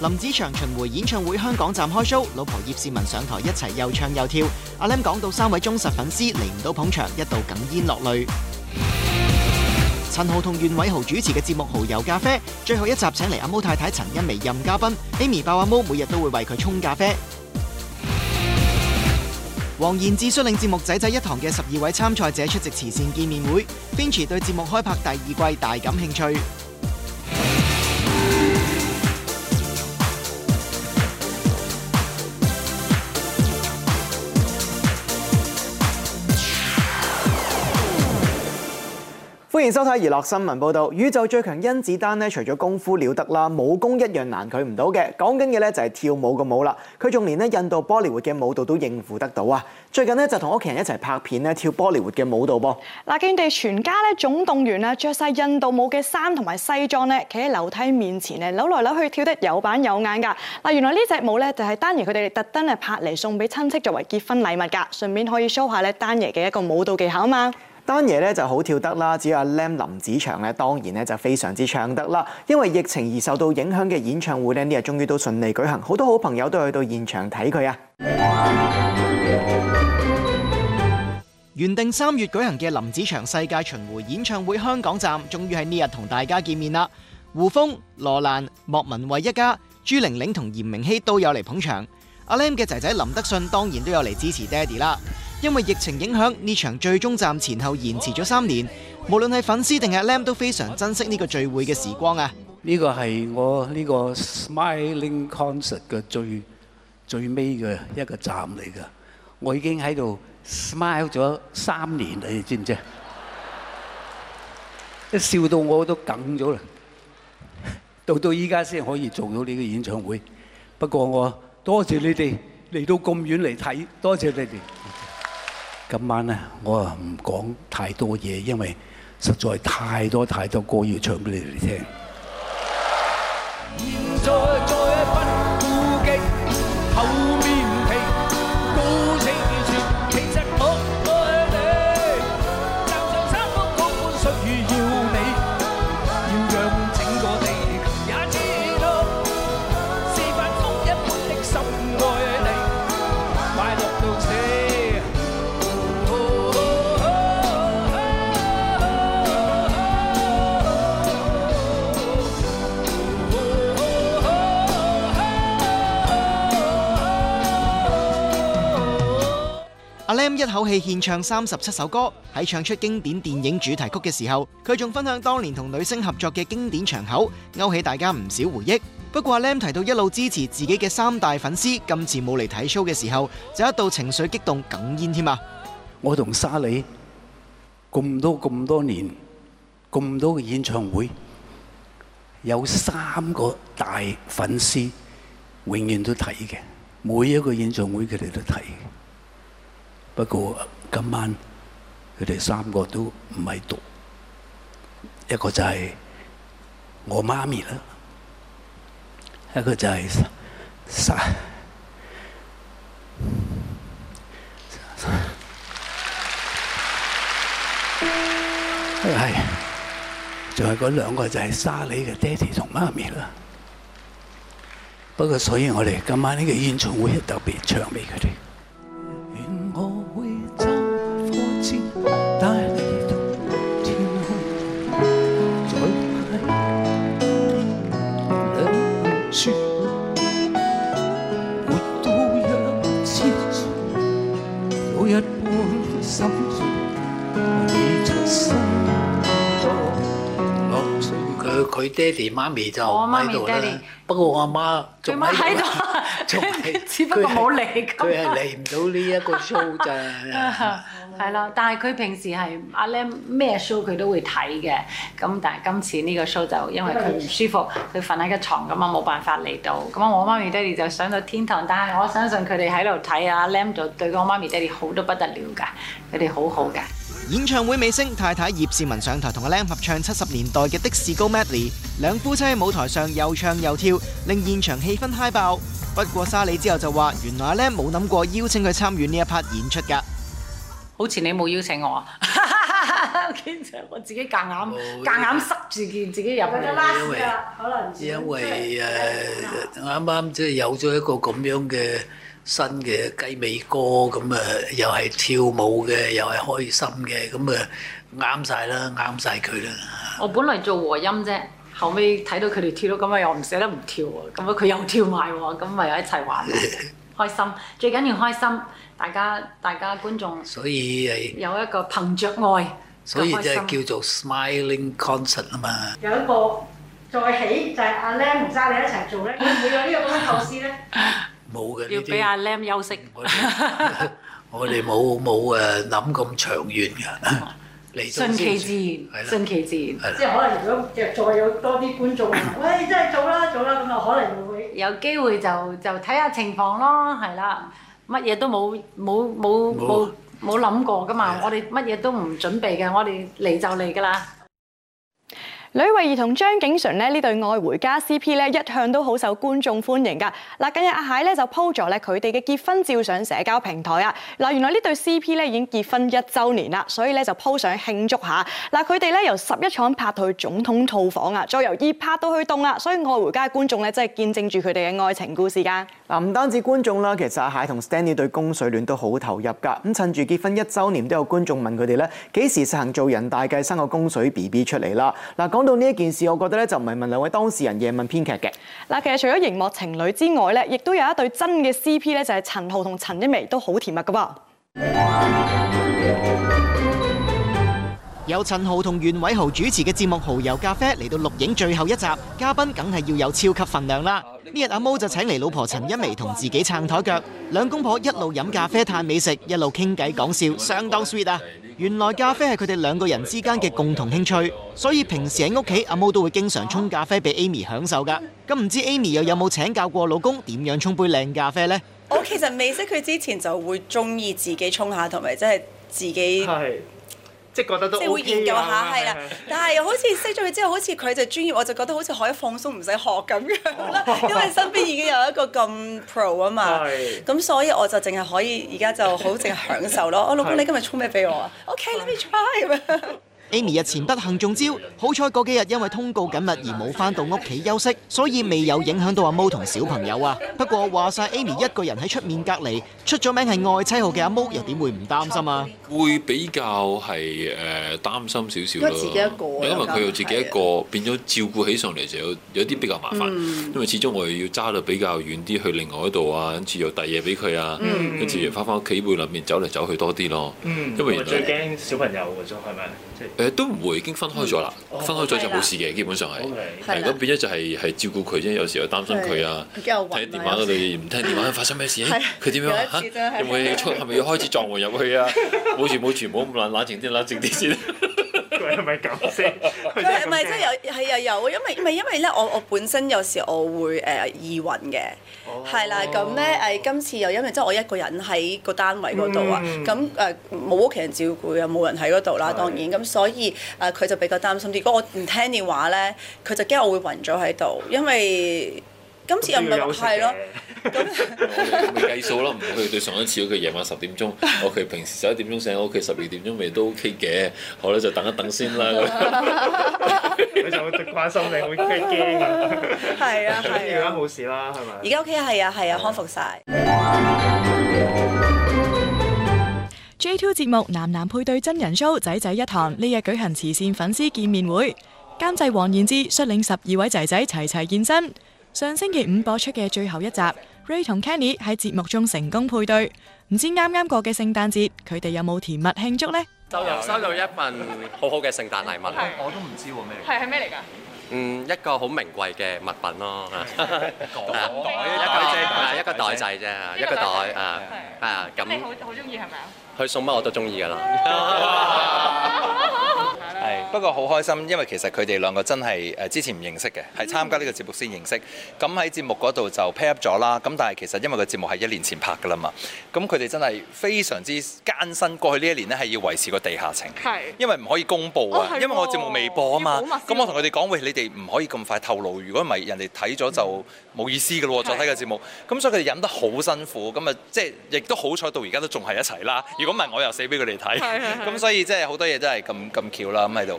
林子祥巡迴演唱會香港站開 show，老婆葉倩文上台一齊又唱又跳。阿 Lim 講到三位忠實粉絲嚟唔到捧場，一度哽咽落淚。陳豪同袁偉豪主持嘅節目《蠔油咖啡》最後一集請嚟阿毛太太陳茵媺任嘉賓，Amy 爆阿毛每日都會為佢沖咖啡。黃彥智率領節目仔仔一堂嘅十二位參賽者出席慈善見面會，Finch 對節目開拍第二季大感興趣。歡迎收睇娛樂新聞報道。宇宙最強甄子丹咧，除咗功夫了得啦，武功一樣難佢唔到嘅。講緊嘅咧就係跳舞嘅舞啦。佢仲連咧印度波麗活嘅舞蹈都應付得到啊！最近咧就同屋企人一齊拍片咧跳波麗活嘅舞蹈噃。嗱，佢哋全家咧總動員啊，着晒印度舞嘅衫同埋西裝咧，企喺樓梯面前咧扭來扭去跳得有板有眼噶。嗱，原來呢隻舞咧就係丹爺佢哋特登嚟拍嚟送俾親戚作為結婚禮物噶，順便可以 show 下咧丹爺嘅一個舞蹈技巧啊嘛。丹爺咧就好跳得啦，至於阿 Lam 林子祥咧當然咧就非常之唱得啦。因為疫情而受到影響嘅演唱會咧呢日終於都順利舉行，好多好朋友都去到現場睇佢啊！原定三月舉行嘅林子祥世界巡迴演唱會香港站，終於喺呢日同大家見面啦。胡楓、羅蘭、莫文蔚一家、朱玲玲同嚴明熙都有嚟捧場，阿、啊、Lam 嘅仔仔林德信當然都有嚟支持爹哋啦。因為疫情影響，呢場最終站前後延遲咗三年，無論係粉絲定係 Lam 都非常珍惜呢個聚會嘅時光啊！呢個係我呢個 Smiling Concert 嘅最最尾嘅一個站嚟噶，我已經喺度 smile 咗三年你哋知唔知？一笑到我都梗咗啦，到到依家先可以做到你嘅演唱會。不過我多謝你哋嚟到咁遠嚟睇，多謝你哋。今晚咧，我唔講太多嘢，因為實在太多太多歌要唱俾你哋聽。 阿 Lam 一口氣獻唱37首歌，喺唱出經典電影主題曲嘅時候，佢仲分享當年同女星合作嘅經典場口，勾起大家唔少回憶，不過阿 Lam 提到一路支持自己嘅三大粉絲，今次冇嚟睇 show 嘅時候，就一度情緒激動哽咽添啊。我同沙里咁多咁多年，咁多嘅演唱會，有不過今晚佢哋三個都唔喺度，一個就係我媽咪啦，一個就係沙，係仲有嗰兩個就係沙梨嘅爹地同媽咪啦。不過所以，我哋今晚呢個演唱會特別唱俾佢哋。佢爹哋媽咪就我媽咪爹哋啦。不過我阿媽仲喺度，仲係，佢冇嚟。佢係嚟唔到呢一個 show 嘅。係啦， 但係佢平時係阿 Lam 咩 show 佢都會睇嘅。咁但係今次呢個 show 就因為佢唔舒服，佢瞓喺個床咁啊，冇辦法嚟到。咁啊，我媽咪爹哋就上到天堂，但係我相信佢哋喺度睇啊。Lam 就對我媽咪爹哋好到不得了㗎，佢哋好好㗎。演唱會尾聲，太太葉倩文上台同阿 Lam 合唱七十年代嘅《的士高 Medley》，兩夫妻喺舞台上又唱又跳，令現場氣氛嗨爆。不過莎莉之後就話：原來阿 Lam 冇諗過邀請佢參與呢一 part 演出㗎。好似你冇邀請我，其實 我自己夾硬夾硬，硬，硬塞住件自己入去因。因為因為誒啱啱即係有咗一個咁樣嘅。新嘅雞尾歌咁啊，又係跳舞嘅，又係開心嘅，咁啊啱曬啦，啱曬佢啦。我本嚟做和音啫，後尾睇到佢哋跳到，咁啊又唔捨得唔跳喎，咁啊佢又跳埋喎，咁咪又一齊玩，開心。最緊要開心，大家大家觀眾。所以係有一個憑著愛。所以即係叫做 smiling concert 啊嘛。有一個再起就係阿 Lam 同揸你一齊做咧，會唔會有呢個咁嘅構思咧？冇嘅要俾阿 Lam 休息。我哋冇冇誒諗咁長遠㗎，嚟順其自然，順其自然，即係可能如果即係再有多啲觀眾，喂，真係做啦，做啦，咁啊，可能會有機會就就睇下情況咯，係啦，乜嘢都冇冇冇冇冇諗過㗎嘛，我哋乜嘢都唔準備嘅，我哋嚟就嚟㗎啦。呂慧儀同張景淳呢對愛回家 C P 一向都好受觀眾歡迎噶。近日阿蟹咧就 po 咗咧佢哋嘅結婚照上社交平台啊。原來呢對 C P 已經結婚一週年啦，所以咧就 po 上慶祝下。嗱，佢哋由十一廠拍到去總統套房啊，再由熱拍到去凍啦，所以愛回家嘅觀眾咧真係見證住佢哋嘅愛情故事噶。嗱，唔、啊、單止觀眾啦，其實阿蟹同 Stanley 對供水戀都好投入㗎。咁趁住結婚一週年，都有觀眾問佢哋咧，幾時實行做人大計生個供水 BB 出嚟啦？嗱、啊，講到呢一件事，我覺得咧就唔係問兩位當事人，夜問編劇嘅。嗱，其實除咗熒幕情侶之外咧，亦都有一對真嘅 CP 咧，就係陳豪同陳茵媺，都好甜蜜噶噃。由陳豪同袁偉豪主持嘅節目《蠔油咖啡》嚟到錄影最後一集，嘉賓梗係要有超級份量啦！呢日阿毛就請嚟老婆陳茵媺同自己撐台腳，兩公婆一路飲咖啡嘆美食，一路傾偈講笑，相當 sweet 啊！原來咖啡係佢哋兩個人之間嘅共同興趣，所以平時喺屋企，阿毛都會經常沖咖啡俾 Amy 享受㗎。咁唔知 Amy 又有冇請教過老公點樣沖杯靚咖啡呢？我其實未識佢之前，就會中意自己沖下，同埋即係自己。即覺得會研究下，係啦。但係好似識咗佢之後，好似佢就專業，我就覺得好似可以放鬆，唔使學咁樣啦。因為身邊已經有一個咁 pro 啊嘛，咁所以我就淨係可以而家就好淨係享受咯。我老公你今日沖咩俾我啊？OK，let me try 咁樣。Amy 日前不幸中招，好彩 Amy 誒都唔會，已經分開咗啦，分開咗就冇事嘅，基本上係。係啦。咁變咗就係係照顧佢，因為有時候擔心佢啊，喺電話嗰度唔聽電話，發生咩事？佢點樣啊？有冇嘢出係咪要開始撞門入去啊？冇住冇住，唔好咁冷冷靜啲，冷靜啲先。係咪咁先？係咪 真係有係啊，有，因為咪因為咧，為我我本身有時我會誒易暈嘅，係、呃、啦。咁咧誒，今次又因為即係我一個人喺個單位嗰度，mm. 啊，咁誒冇屋企人照顧又冇人喺嗰度啦，當然咁的、嗯、所以誒佢、呃、就比較擔心啲。如果我唔聽電話咧，佢就驚我會暈咗喺度，因為今次又咪係咯。咁我哋計數啦，唔去對上一次。佢夜晚十點鐘，我佢平時十一點鐘醒，我佢十二點鐘未都 OK 嘅。好啦，就等一等先啦。佢仲直關心你，好驚驚。係 啊係。而家冇事啦，係咪？而家屋企係啊係啊，康復晒。啊、2 J Two 節目男男配對真人 show 仔仔一堂，呢日舉行慈善粉絲見面會，監製黃燕智率領十二位仔仔齊齊現身。齊齊 上星期五播出嘅最後一集。Ray 同 Kenny 喺節目中成功配對，唔知啱啱過嘅聖誕節佢哋有冇甜蜜慶祝呢？就又收到一份好好嘅聖誕禮物，我都唔知喎咩嚟。係係咩嚟噶？嗯，一個好名貴嘅物品咯，一個袋一個一個袋仔啫，一個袋啊啊咁。你好好中意係咪啊？佢送乜我都中意噶啦。不過好開心，因為其實佢哋兩個真係誒之前唔認識嘅，係參加呢個節目先認識。咁喺節目嗰度就 pair up 咗啦。咁但係其實因為個節目係一年前拍㗎啦嘛，咁佢哋真係非常之艱辛。過去呢一年咧係要維持個地下情，因為唔可以公佈啊。因為我節目未播啊嘛，咁我同佢哋講，喂，你哋唔可以咁快透露，如果唔係人哋睇咗就冇意思㗎咯。再睇個節目，咁所以佢哋忍得好辛苦。咁啊，即係亦都好彩到而家都仲係一齊啦。如果唔係我又死俾佢哋睇。咁所以即係好多嘢真係咁咁巧啦咁喺度。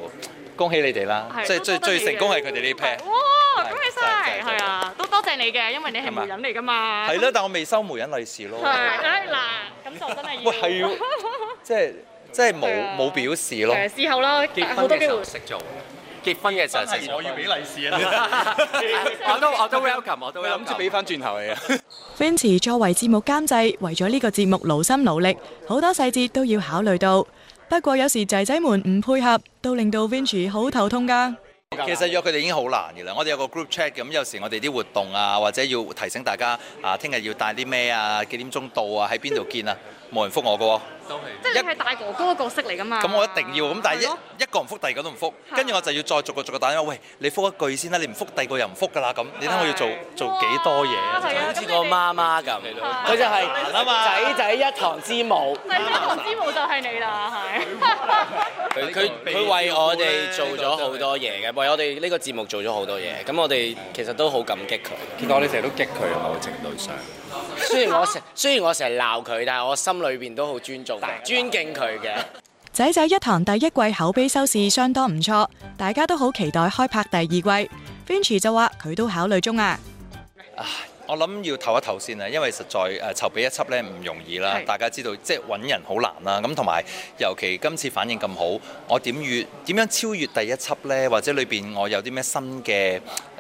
恭喜你哋啦！即係最最成功係佢哋呢 pair。哇！恭喜晒，係啊，都多謝你嘅，因為你係媒人嚟㗎嘛。係咯，但我未收媒人利是咯。係，嗱，咁就真係要。喂，係要，即係即係冇冇表示咯。誒，事後啦，好多機會。結婚嘅時候識做。結婚嘅時候識做，我要俾利是啦。我都我都 welcome，我都諗住俾翻轉頭你啊。Vincent 作為節目監製，為咗呢個節目，勞心勞力，好多細節都要考慮到。不過有時仔仔們唔配合，都令到 Vince 好頭痛噶。其實約佢哋已經好難噶啦，我哋有個 group chat 咁有時我哋啲活動啊，或者要提醒大家啊，聽日要帶啲咩啊，幾點鐘到啊，喺邊度見啊？ 冇人覆我㗎喎，即係你係大哥哥嘅角色嚟㗎嘛？咁我一定要，咁但係一一個唔覆，第二個都唔覆，跟住我就要再逐個逐個打電話。喂，你覆一句先啦，你唔覆，第二個又唔覆㗎啦。咁，你睇我要做做幾多嘢？好似個媽媽咁，佢就係仔仔一堂之母。一堂之母就係你啦，係。佢佢佢為我哋做咗好多嘢嘅，為我哋呢個節目做咗好多嘢。咁我哋其實都好感激佢。結果我哋成日都激佢，某程度上。雖然我成雖然我成日鬧佢，但係我心裏邊都好尊重、尊敬佢嘅。仔仔一堂第一季口碑收視相當唔錯，大家都好期待開拍第二季。Vincent 就話佢都考慮中啊。我諗要唞一唞先啊，因為實在誒、呃、籌備一輯呢唔容易啦。是大家知道即係揾人好難啦。咁同埋尤其今次反應咁好，我點越點樣超越第一輯呢？或者裏邊我有啲咩新嘅？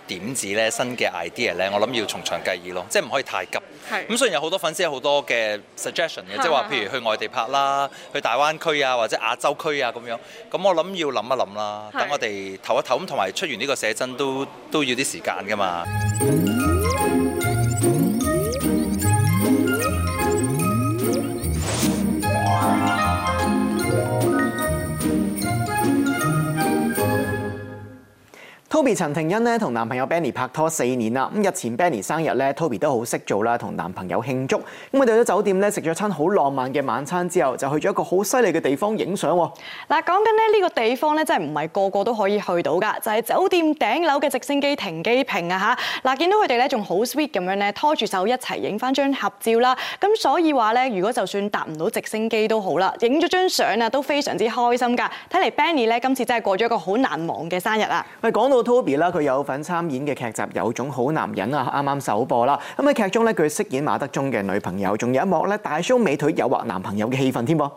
點子咧，新嘅 idea 咧，我諗要從長計議咯，即係唔可以太急。係咁是，雖然有好多粉絲有好多嘅 suggestion 嘅，是的 即係話譬如去外地拍啦，的去大灣區啊，或者亞洲區啊咁樣。咁我諗要諗一諗啦，等的我哋唞一唞，同埋出完呢個寫真都的都要啲時間㗎嘛。Toby 陳庭欣咧同男朋友 Benny 拍拖四年啦，咁、嗯、日前 Benny 生日咧，Toby 都好識做啦，同男朋友慶祝。咁佢哋喺酒店咧食咗餐好浪漫嘅晚餐之後，就去咗一個好犀利嘅地方影相，哦。嗱，講緊呢，呢個地方咧真係唔係個個都可以去到㗎，就係、是、酒店頂樓嘅直升機停機坪啊！嚇，嗱，見到佢哋咧仲好 sweet 咁樣咧拖住手一齊影返張合照啦。咁所以話咧，如果就算搭唔到直升機都好啦，影咗張相啊都非常之開心㗎。睇嚟 Benny 咧今次真係過咗一個好難忘嘅生日啊！喂，講到 Toby 啦，佢有份參演嘅劇集《有種好男人》啊，啱啱首播啦。咁喺劇中咧，佢飾演馬德鐘嘅女朋友，仲有一幕咧，大 show 美腿誘惑男朋友嘅戲份添噃。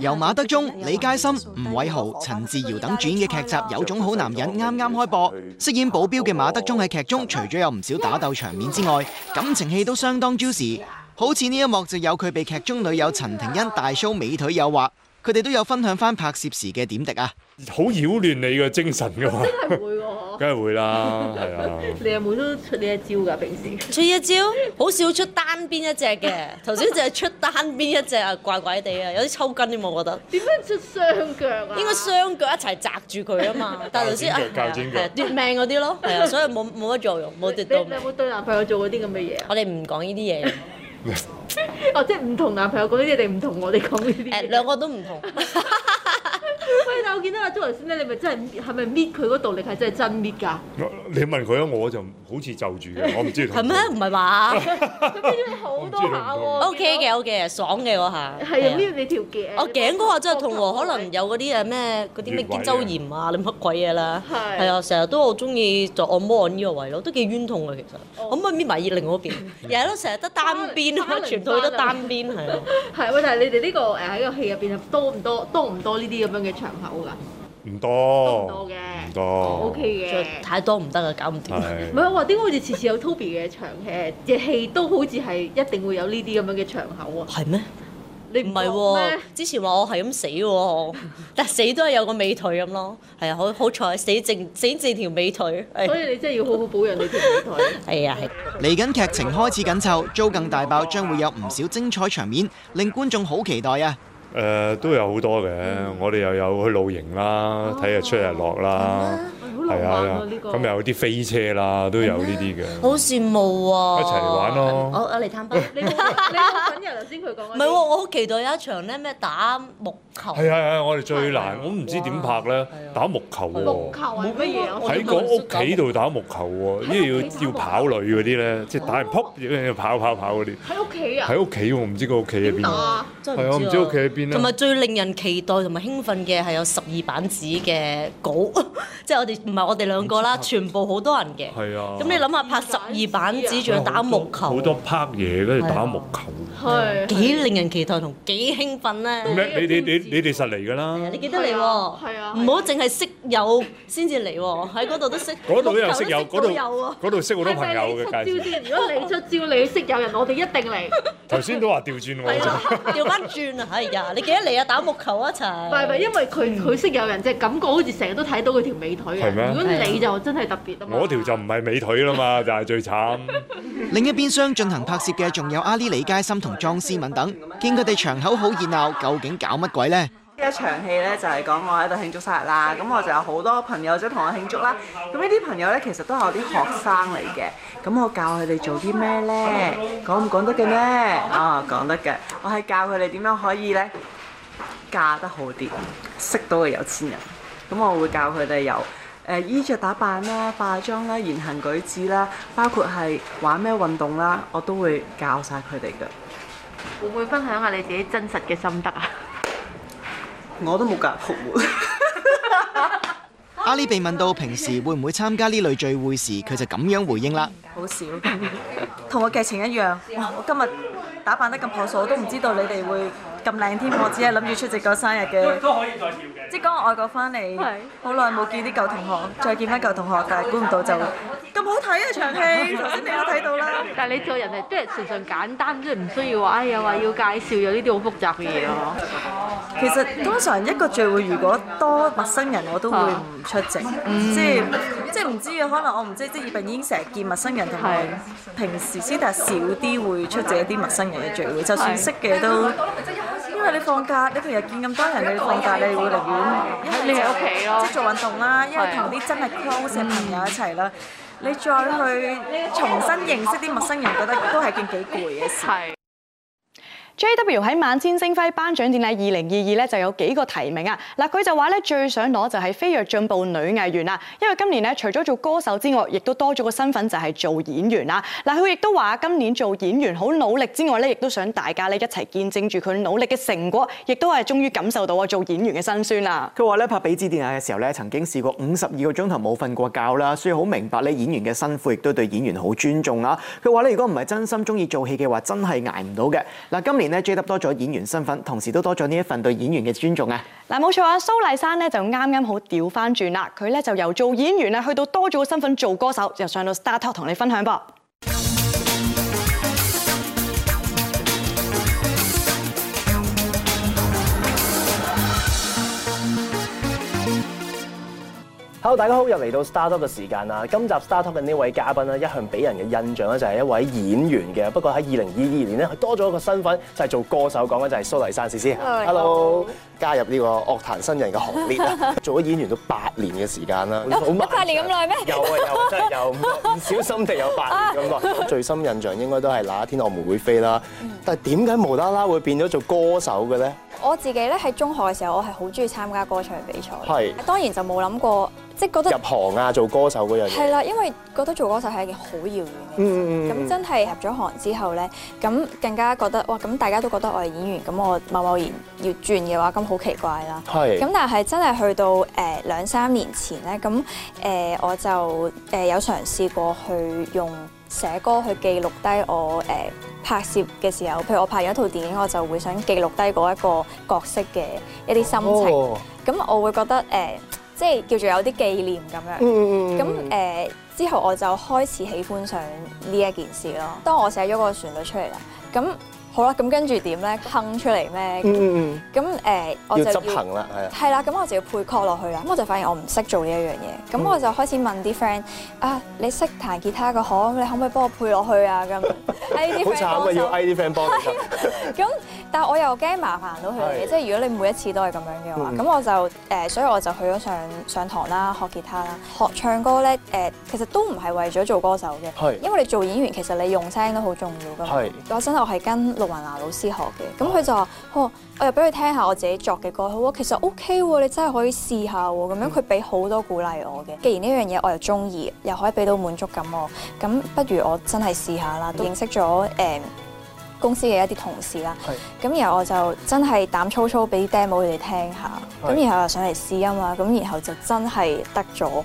由馬德鐘、李佳芯、吳偉豪、陳志瑤等主演嘅劇集《有種好男人》啱啱開播，飾演保鏢嘅馬德鐘喺劇中，除咗有唔少打鬥場面之外，感情戲都相當 juicy，好似呢一幕就有佢被劇中女友陳庭欣大 show 美腿誘惑。佢哋都有分享翻拍攝時嘅點滴啊！好擾亂你嘅精神嘅喎，真係會喎，梗係會啦。 你阿妹都出呢一招㗎平時，出一招好少出單邊一隻嘅。頭先淨係出單邊一隻啊，怪怪地啊，有啲抽筋添，我覺得。點樣出雙腳啊？應該雙腳一齊砸住佢啊嘛！ 但係頭先教展腳，奪命嗰啲咯，係啊，啊，啊， 所以冇冇乜作用，冇跌到 你。你有冇對男朋友做嗰啲咁嘅嘢？我哋唔講呢啲嘢。 哦，即係唔同男朋友講呢啲定唔同我哋講呢啲？哎，兩個都唔同。 喂，但係我見到阿鍾文先生，你咪真係，係咪搣佢嗰度你係真係真搣㗎？你問佢啊，我就好似就住嘅，我唔知。係咩？唔係話佢搣咗好多下喎。O K 嘅，O K，爽嘅我嚇。係啊，搣你條頸。我頸骨啊，真係痛喎，可能有嗰啲誒咩嗰啲咩肩周炎啊，你乜鬼嘢啦？係。係啊，成日都好中意做按摩按呢個位咯，都幾冤痛嘅其實。我咪搣埋二，另外一邊，又係咯，成日得單邊，可能佢得單邊係，係，喂，但係你哋呢個誒喺個戲入邊多唔多？多唔多呢啲咁樣嘅？場口㗎，唔多，唔多嘅，唔多，O K 嘅，太多唔得啊，搞唔掂。唔係我話點解好似次次有 Toby 嘅場戲，嘅戲都好似係一定會有呢啲咁樣嘅場口啊。係咩？你唔係喎，之前話我係咁死喎，但死都係有個美腿咁咯。係啊，好好彩，死淨死淨條美腿。所以你真係要好好保養你條美腿。係啊，係。嚟緊劇情開始緊湊，租更大爆，將會有唔少精彩場面，令觀眾好期待啊！誒都有好多嘅，我哋又有去露營啦，睇日出日落啦，係啊，咁有啲飛車啦，都有呢啲嘅。好羨慕啊！一齊嚟玩咯！我嚟探班，你你揾由頭先佢講。唔係喎，我好期待有一場咧，咩打木球？係係係，我哋最難，我唔知點拍咧，打木球喎。木球啊？乜嘢喺個屋企度打木球喎，即係要要跑女嗰啲咧，即係打完 pop，要跑跑跑嗰啲。喺屋企啊！喺屋企，我唔知個屋企喺邊。點打？真係唔知。我唔知屋企喺邊。同埋最令人期待同埋興奮嘅係有十二版紙嘅稿，即係我哋唔係我哋兩個啦，全部好多人嘅。係啊。咁你諗下拍十二版紙仲要打木球，好多拍嘢跟住打木球，係幾令人期待同幾興奮咧？咁樣你你你你哋實嚟㗎啦！你記得嚟喎，係啊，唔好淨係識友先至嚟喎，喺嗰度都識。嗰度都有識友，嗰度有啊，嗰度識好多朋友嘅介紹先。如果你出招，你識有人，我哋一定嚟。頭先都話調轉喎，調翻轉係啊！嗱，你記得嚟啊？打木球一齊，唔係唔係，因為佢佢識有人，即係感覺好似成日都睇到佢條美腿嘅。係咩？如果你就真係特別啊嘛，我條就唔係美腿啦嘛，就係最慘。另一邊廂進行拍攝嘅仲有阿 Lee 李佳芯同莊思敏等，見佢哋場口好熱鬧，究竟搞乜鬼咧？呢一場戲咧就係講我喺度慶祝生日啦，咁我就有好多朋友想同我慶祝啦。咁呢啲朋友咧其實都係我啲學生嚟嘅。咁我教佢哋做啲咩呢？講唔講得嘅呢？啊，講得嘅。我係教佢哋點樣可以呢嫁得好啲，識到個有錢人。咁我會教佢哋由誒衣著打扮啦、化妝啦、言行舉止啦，包括係玩咩運動啦，我都會教晒佢哋㗎。會唔會分享下你自己真實嘅心得啊？我都冇教服務。阿莉被問到平時會唔會參加呢類聚會時，佢就咁樣回應啦：好少，同個劇情一樣。哇！我今日打扮得咁樸素，我都唔知道你哋會。咁靚添，我只係諗住出席個生日嘅，即係剛外國翻嚟，好耐冇見啲舊同學，再見翻舊同學，但係估唔到就咁好睇啊！場戲頭先你都睇到啦。但係你做人哋都係純粹簡單，即係唔需要話，哎呀話要介紹，有呢啲好複雜嘅嘢啊！其實通常一個聚會如果多陌生人，我都會唔出席，即係即係唔知啊。可能我唔知，即係並已經成日見陌生人同埋平時，斯達少啲會出席一啲陌生人嘅聚會，就算識嘅都。即係你放假，你平日見咁多人，你放假你會寧願喺屋企咯，即係做運動啦，因為同啲的真係 close 嘅朋友一齊啦，嗯、你再去重新認識啲陌生人， 覺得都係件幾攰嘅事。 J.W 喺萬千星輝頒獎典禮二零二二咧就有幾個提名啊！嗱、呃，佢就話咧最想攞就係飛躍進步女藝員啦，因為今年咧除咗做歌手之外，亦都多咗個身份就係做演員啦。嗱、呃，佢亦都話今年做演員好努力之外咧，亦都想大家咧一齊見證住佢努力嘅成果，亦都係終於感受到啊做演員嘅辛酸啦。佢話咧拍比之電影嘅時候咧，曾經試過五十二個鐘頭冇瞓過覺啦，所以好明白咧演員嘅辛苦，亦都對演員好尊重啦、啊。佢話咧如果唔係真心中意做戲嘅話，真係挨唔到嘅。嗱、呃，今年。JW 多咗演員身份，同時都多咗呢一份對演員嘅尊重啊！嗱，冇錯啊，蘇麗珊咧就啱啱好調返轉啦，佢咧就由做演員啊，去到多咗個身份做歌手，就上到 Star Talk 同你分享噃。好，大家好，又嚟到 Startup 嘅時間啦。今集 Startup 嘅呢位嘉賓咧，一向俾人嘅印象咧就係一位演員嘅。不過喺二零二二年咧，佢多咗一個身份就係，是、做歌手，講緊就係蘇麗珊，詩詩。Hello，Hello. 加入呢個樂壇新人嘅行列啦。 做咗演員都八年嘅時間啦，八有慢年咁耐咩？有啊有，真係有唔小心地有八年咁耐。 最深印象應該都係那一天我們會飛啦。但係點解無啦啦會變咗做歌手嘅咧？我自己咧喺中學嘅時候，我係好中意參加歌唱比賽。係是，當然就冇諗過。即係覺得入行啊，做歌手嗰樣嘢係啦，因為覺得做歌手係一件好遙遠嘅，咁真係入咗行之後咧，咁更加覺得哇！咁大家都覺得我係演員，咁我貿貿然要轉嘅話，咁好奇怪啦。係。咁但係真係去到誒兩三年前咧，咁誒我就誒有嘗試過去用寫歌去記錄低我誒拍攝嘅時候，譬如我拍咗一套電影，我就會想記錄低嗰一個角色嘅一啲心情。咁我會覺得誒。 即係叫做有啲紀念咁樣，咁誒之後我就開始喜歡上呢一件事咯。當我寫咗個旋律出嚟啦，咁好啦，咁跟住點咧？哼出嚟咩？咁誒我就要執行啦，係啦。係啦，咁我就要配歌曲落去啦。咁我就發現我唔識做呢一樣嘢，咁 我就開始問啲 friend 啊，你識彈吉他嘅可，你可唔可以幫我配落去啊？咁，啲、嗯、friend 幫我，咁。但我又驚麻煩到佢哋，對 即係如果你每一次都係咁樣嘅話，咁、嗯、我就誒，所以我就去咗上上堂啦，學吉他啦，學唱歌咧誒，其實都唔係為咗做歌手嘅，是 因為你做演員其實你用聲都好重要噶嘛是。我真係，我係跟陸雲娜老師學嘅，咁佢就話，呵是、哦，我又俾佢聽下我自己作嘅歌，好啊，其實 O K 喎，你真係可以試下喎，咁樣佢俾好多鼓勵我嘅。既然呢樣嘢我又中意，又可以俾到滿足感喎，咁不如我真係試下啦。認識咗誒。呃公司嘅一啲同事啦，咁是的 然後我就真係膽粗粗俾 demo 佢哋聽下，咁是的 然後又上嚟試啊嘛，咁然後就真係得咗，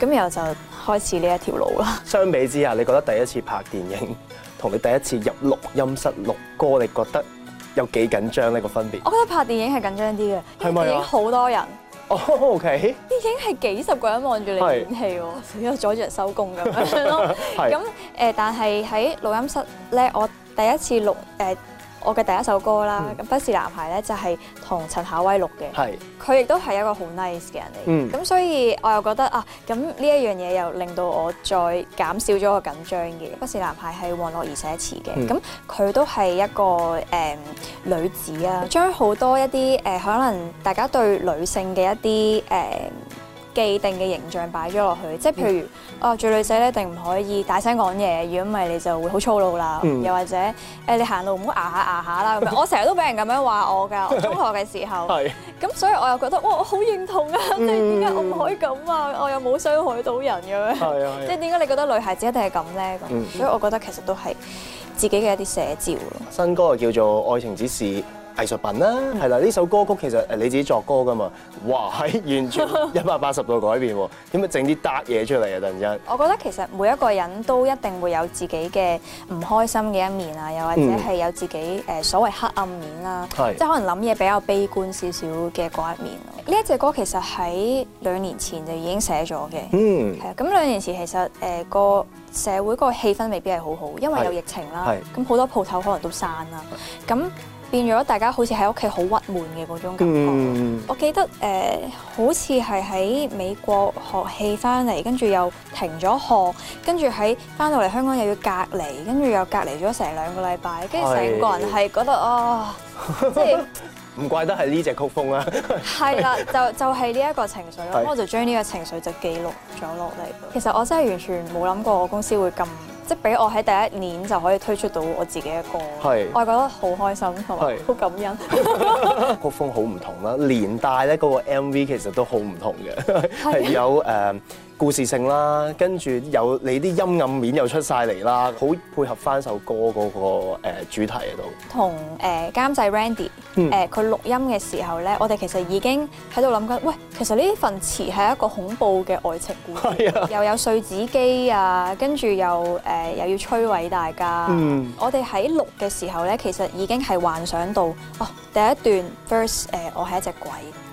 咁然後就開始呢一條路啦。相比之下，你覺得第一次拍電影同你第一次入錄音室錄歌，你覺得有幾緊張呢個分別？我覺得拍電影係緊張啲嘅，電影好多人。哦嗎、oh，OK，已經係幾十個人望住你演戲，喎的，仲要阻住人收工咁樣咯。咁誒 的，但係喺錄音室咧，我。第一次錄誒、啊、我嘅第一首歌啦，咁、嗯《不是男孩》咧就係同陳巧威錄嘅，佢亦都係一個好 nice 嘅人嚟嘅，咁、嗯、所以我又覺得啊，咁呢一樣嘢又令到我再減少咗個緊張嘅。《不是男孩》係黃樂兒寫詞嘅，咁佢都係一個誒、呃、女子啊，將好多一啲誒、呃、可能大家對女性嘅一啲誒、呃既定嘅形象擺咗落去，即係譬如啊，做女仔咧，一定唔可以大聲講嘢，如果唔係你就會好粗魯啦。又或者誒，你行路唔好牙下牙下啦。咁樣，對對 樣，我成日都俾人咁樣話我㗎。我中學嘅時候，咁所以我又覺得哇，我好認同啊！即係點解我唔可以咁啊？我又冇傷害到人㗎咩？即係點解你覺得女孩子一定係咁咧？咁，所以我覺得其實都係自己嘅一啲寫照咯。新歌就叫做《愛情指示》。藝術品啦，係啦、嗯，呢首歌曲其實誒你自己作歌㗎嘛，哇係完全一百八十度改變喎，點解整啲搭嘢出嚟啊？突然間，我覺得其實每一個人都一定會有自己嘅唔開心嘅一面啊，又或者係有自己誒所謂黑暗面啦，即係、嗯、可能諗嘢比較悲觀少少嘅嗰一面。呢一隻歌其實喺兩年前就已經寫咗嘅，嗯，係啊，咁兩年前其實誒個社會個氣氛未必係好好，因為有疫情啦，咁好是 是 多鋪頭可能都閂啦，咁。變咗大家好似喺屋企好鬱悶嘅嗰種感覺。嗯、我記得誒、呃，好似係喺美國學戲翻嚟，跟住又停咗學，跟住喺翻到嚟香港又要隔離，跟住又隔離咗成兩個禮拜，跟住成個人係覺得哦，即係唔怪得係呢隻曲風啦、啊。係 啦，就就係呢一個情緒，咁對 我就將呢個情緒就記錄咗落嚟。其實我真係完全冇諗過我公司會咁。即俾我喺第一年就可以推出到我自己嘅歌，我係覺得好開心同埋好感恩。曲 風好唔同啦，年代咧，嗰個 MV 其實都好唔同嘅，係是的 有誒。 故事性啦，跟住有你啲陰暗面又出晒嚟啦，好配合翻首歌嗰個誒主題啊都。同誒監製 Randy 誒佢錄、嗯、音嘅時候咧，我哋其實已經喺度諗緊：喂，其實呢份詞係一個恐怖嘅愛情故事，的又有碎紙機啊，跟住又誒又要摧毀大家。嗯、我哋喺錄嘅時候咧，其實已經係幻想到，哦，第一段 verse 誒，我係一隻鬼。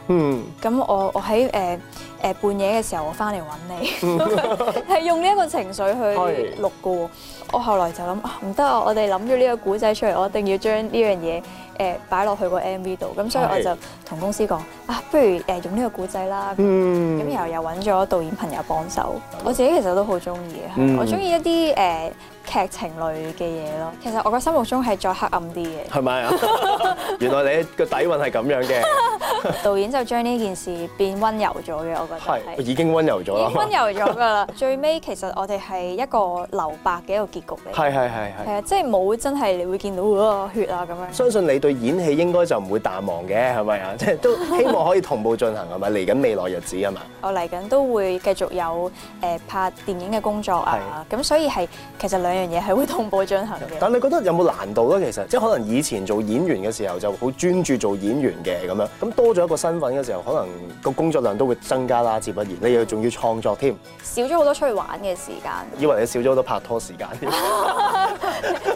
嗯，咁我我喺誒誒半夜嘅時候，我翻嚟揾你，係用呢一個情緒去錄嘅喎。我後來就諗啊，唔得啊，我哋諗咗呢個古仔出嚟，我一定要將呢樣嘢誒擺落去個 MV 度。咁所以我就同公司講啊，不如誒用呢個古仔啦。嗯，咁然後又揾咗導演朋友幫手。我自己其實都好中意嘅，我中意一啲誒劇情類嘅嘢咯。其實我個心目中係再黑暗啲嘅。係咪啊？原來你個底蘊係咁樣嘅。 導演就將呢件事變温柔咗嘅，我覺得係對是已經温柔咗，嘛已經温柔咗㗎啦。 最尾其實我哋係一個留白嘅一個結局嚟，係係係係，係啊，即係冇真係你會見到嗰個血啊咁樣。相信你對演戲應該就唔會淡忘嘅，係咪啊？即係都希望可以同步進行，係咪嚟緊未來日子啊嘛？我嚟緊都會繼續有誒拍電影嘅工作啊，咁、嗯嗯嗯嗯嗯嗯嗯、所以係其實兩樣嘢係會同步進行嘅。但係你覺得有冇難度咧？其實即係可能以前做演員嘅時候就好專，專注做演員嘅咁樣，咁多。做一個身份嘅時候，可能個工作量都會增加啦，自不然，你又仲要創作添，少咗好多出去玩嘅時間，以為你少咗好多拍拖時間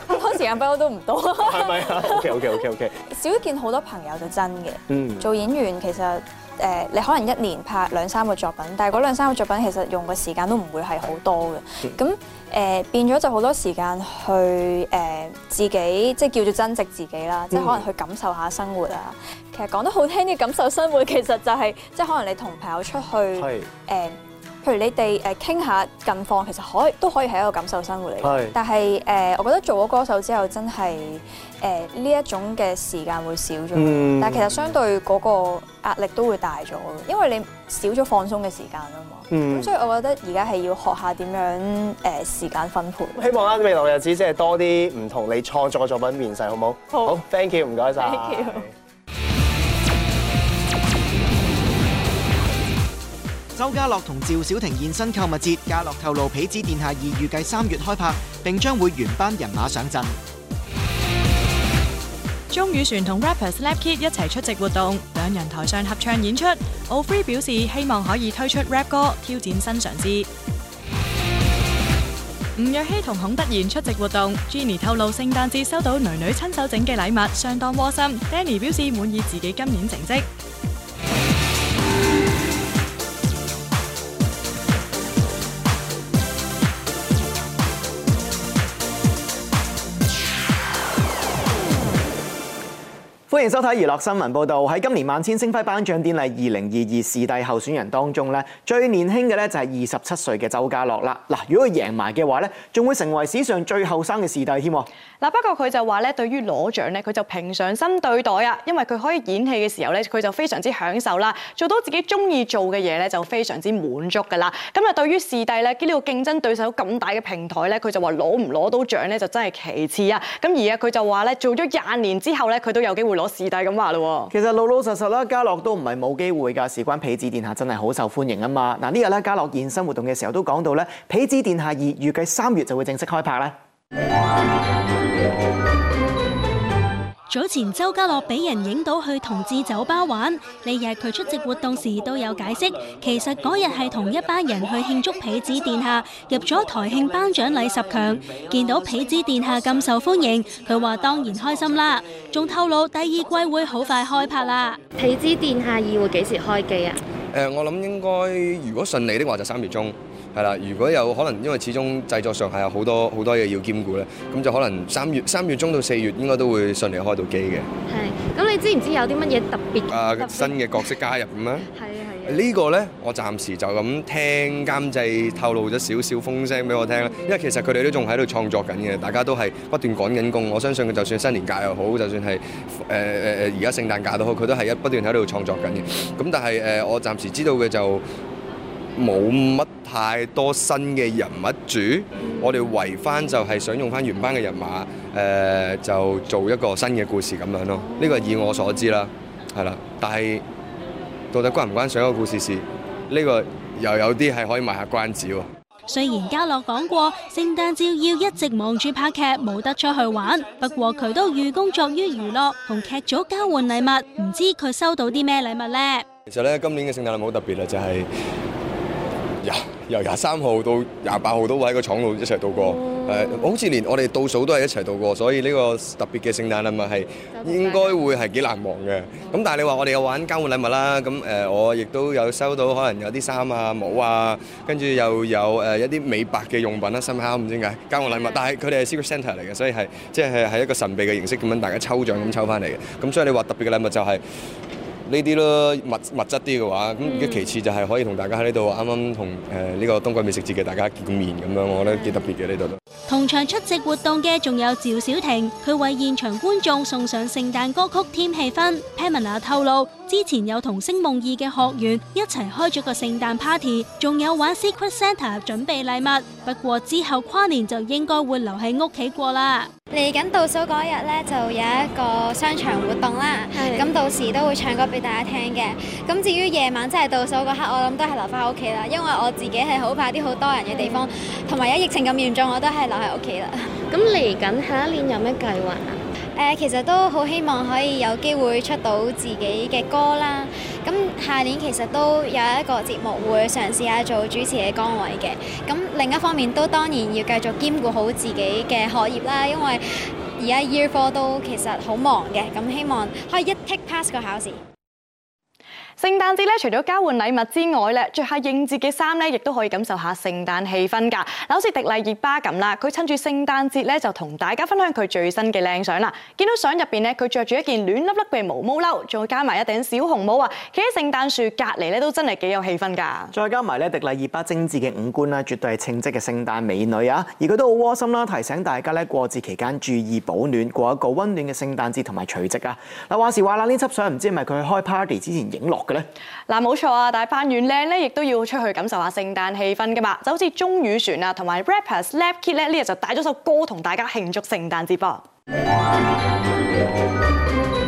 拍拖時間不嬲都唔多，係咪啊？OK OK OK OK，少見好多朋友就真嘅，嗯，做演員其實。誒，你可能一年拍兩三個作品，但係嗰兩三個作品其實用嘅時間都唔會係好多嘅。咁誒的、呃、變咗就好多時間去誒、呃、自己，即係叫做增值自己啦。即係可能去感受下生活啊。的其實講得好聽啲，感受生活其實就係、是、即係可能你同朋友出去誒的、呃，譬如你哋誒傾下近況，其實可以都可以係一個感受生活嚟嘅的。但係誒、呃，我覺得做咗歌手之後真係。誒呢一種嘅時間會少咗，但係其實相對嗰個壓力都會大咗，因為你少咗放鬆嘅時間啊嘛。咁、嗯、所以我覺得而家係要學下點樣誒時間分配。希望啱啲未來日子即係多啲唔同你創作嘅作品面世，好唔好，好？好，thank you，唔該晒，thank you。周家樂同趙小婷現身購物節，家樂透露《痞子殿下二》預計三月開拍，並將會原班人馬上陣。。鍾宇璇同 rapper Slap Kid 一齊出席活動，兩人台上合唱演出。O'Fre 表示希望可以推出 rap 歡迎收睇娛樂新聞報道。喺今年萬千星輝頒獎典禮二零二二視帝候選人當中咧，最年輕嘅咧就係二十七歲嘅周家樂啦。嗱，如果佢贏埋嘅話咧，仲會成為史上最後生嘅視帝添。嗱，不過佢就話咧，對於攞獎咧，佢就平常心對待啊，因為佢可以演戲嘅時候咧，佢就非常之享受啦，做到自己中意做嘅嘢咧，就非常之滿足噶啦。咁啊，對於視帝咧，喺呢個競爭對手咁大嘅平台咧，佢就話攞唔攞到獎咧，就真係其次啊。咁而啊，佢就話咧，做咗廿年之後咧，佢都有機會攞視帝咁話咯。其實老老實實啦，家樂都唔係冇機會噶，事關痞子殿下真係好受歡迎啊嘛。嗱，呢日咧，家樂現身活動嘅時候都講到咧，《痞子殿下二》預計三月就會正式開拍咧。早前周家樂俾人影到去同志酒吧玩，呢日佢出席活動時都有解釋，其實嗰日係同一班人去慶祝痞子殿下入咗台慶頒獎禮十強，見到痞子殿下咁受歡迎，佢話當然開心啦，仲透露第二季會好快開拍啦。痞子殿下二會幾時開機啊？呃，我諗應該如果順利的話就三月中。係啦，如果有可能，因為始終製作上係有好多好多嘢要兼顧咧，咁就可能三月三月中到四月應該都會順利開到機嘅。係。咁你知唔知有啲乜嘢特別嘅、啊、新嘅角色加入咁啊？係啊係啊。個呢個咧，我暫時就咁聽監製透露咗少少風聲俾我聽啦。嗯、因為其實佢哋都仲喺度創作緊嘅，大家都係不斷趕緊工。我相信佢就算新年假又好，就算係誒誒誒而家聖誕假都好，佢都係一不斷喺度創作緊嘅。咁但係誒、呃，我暫時知道嘅就。冇乜太多新嘅人物主，我哋圍翻就係想用翻原班嘅人馬，誒、呃、就做一個新嘅故事咁樣咯。呢、這個以我所知啦，係啦，但係到底關唔關上一個故事？事？呢、這個又有啲係可以賣下關子喎。雖然家樂講過聖誕照要一直忙住拍劇，冇得出去玩。不過佢都預工作於娛樂，同劇組交換禮物，唔知佢收到啲咩禮物呢？其實咧，今年嘅聖誕禮物好特別啦，就係、是、～由廿三號到廿八號都會喺個廠度一齊度過，誒、哦，好似連我哋倒數都係一齊度過，所以呢個特別嘅聖誕禮物係應該會係幾難忘嘅。咁、哦、但係你話我哋有玩交換禮物啦，咁誒、呃，我亦都有收到可能有啲衫啊、帽啊，跟住又有誒、呃、一啲美白嘅用品啦，somehow 唔知點解交換禮物，但係佢哋係 secret center 嚟嘅，所以係即係喺一個神秘嘅形式咁樣大家抽獎咁抽翻嚟嘅。咁所以你話特別嘅禮物就係、是。呢啲咯物物質啲嘅話，咁而家其次就係可以同大家喺呢度啱啱同誒、呢個冬季美食節嘅大家見個面咁樣，我覺得幾特別嘅呢度。嗯、同場出席活動嘅仲有趙小婷，佢為現場觀眾送上聖誕歌曲添氣氛。嗯、Pamela 透露。之前有同星夢二嘅學員一齊開咗個聖誕 party，仲有玩 Secret Santa 準備禮物。不過之後跨年就應該會留喺屋企過啦。嚟緊倒數嗰日咧，就有一個商場活動啦。咁的到時都會唱歌俾大家聽嘅。咁至於夜晚真係倒數嗰刻，我諗都係留翻屋企啦，因為我自己係好怕啲好多人嘅地方，同埋而家疫情咁嚴重，我都係留喺屋企啦。咁嚟緊下一年有咩計劃？誒，uh, 其實都好希望可以有機會出到自己嘅歌啦。咁下年其實都有一個節目會嘗試下做主持嘅崗位嘅。咁另一方面都當然要繼續兼顧好自己嘅學業啦，因為而家 Year Four 都其實好忙嘅。咁希望可以一 take pass 個考試。聖誕節咧，除咗交換禮物之外咧，著下應節嘅衫咧，亦都可以感受下聖誕氣氛㗎。嗱，好似迪麗熱巴咁啦，佢趁住聖誕節咧，就同大家分享佢最新嘅靚相啦。見到相入邊咧，佢着住一件暖粒粒嘅毛毛褸，仲加埋一頂小紅帽啊，企喺聖誕樹隔離咧，都真係幾有氣氛㗎。再加埋咧，迪麗熱巴精緻嘅五官啦，絕對係稱職嘅聖誕美女啊。而佢都好窩心啦，提醒大家咧，過節期間注意保暖，過一個温暖嘅聖誕節同埋除夕啊。嗱，話時話啦，呢輯相唔知係咪佢開 party 之前影落？嗱，冇錯啊！但係扮完靚咧，亦都要出去感受下聖誕氣氛㗎嘛！就好似鐘雨璇啊，同埋 Rapper Slap Kid 咧，呢日就帶咗首歌同大家慶祝聖誕節噃。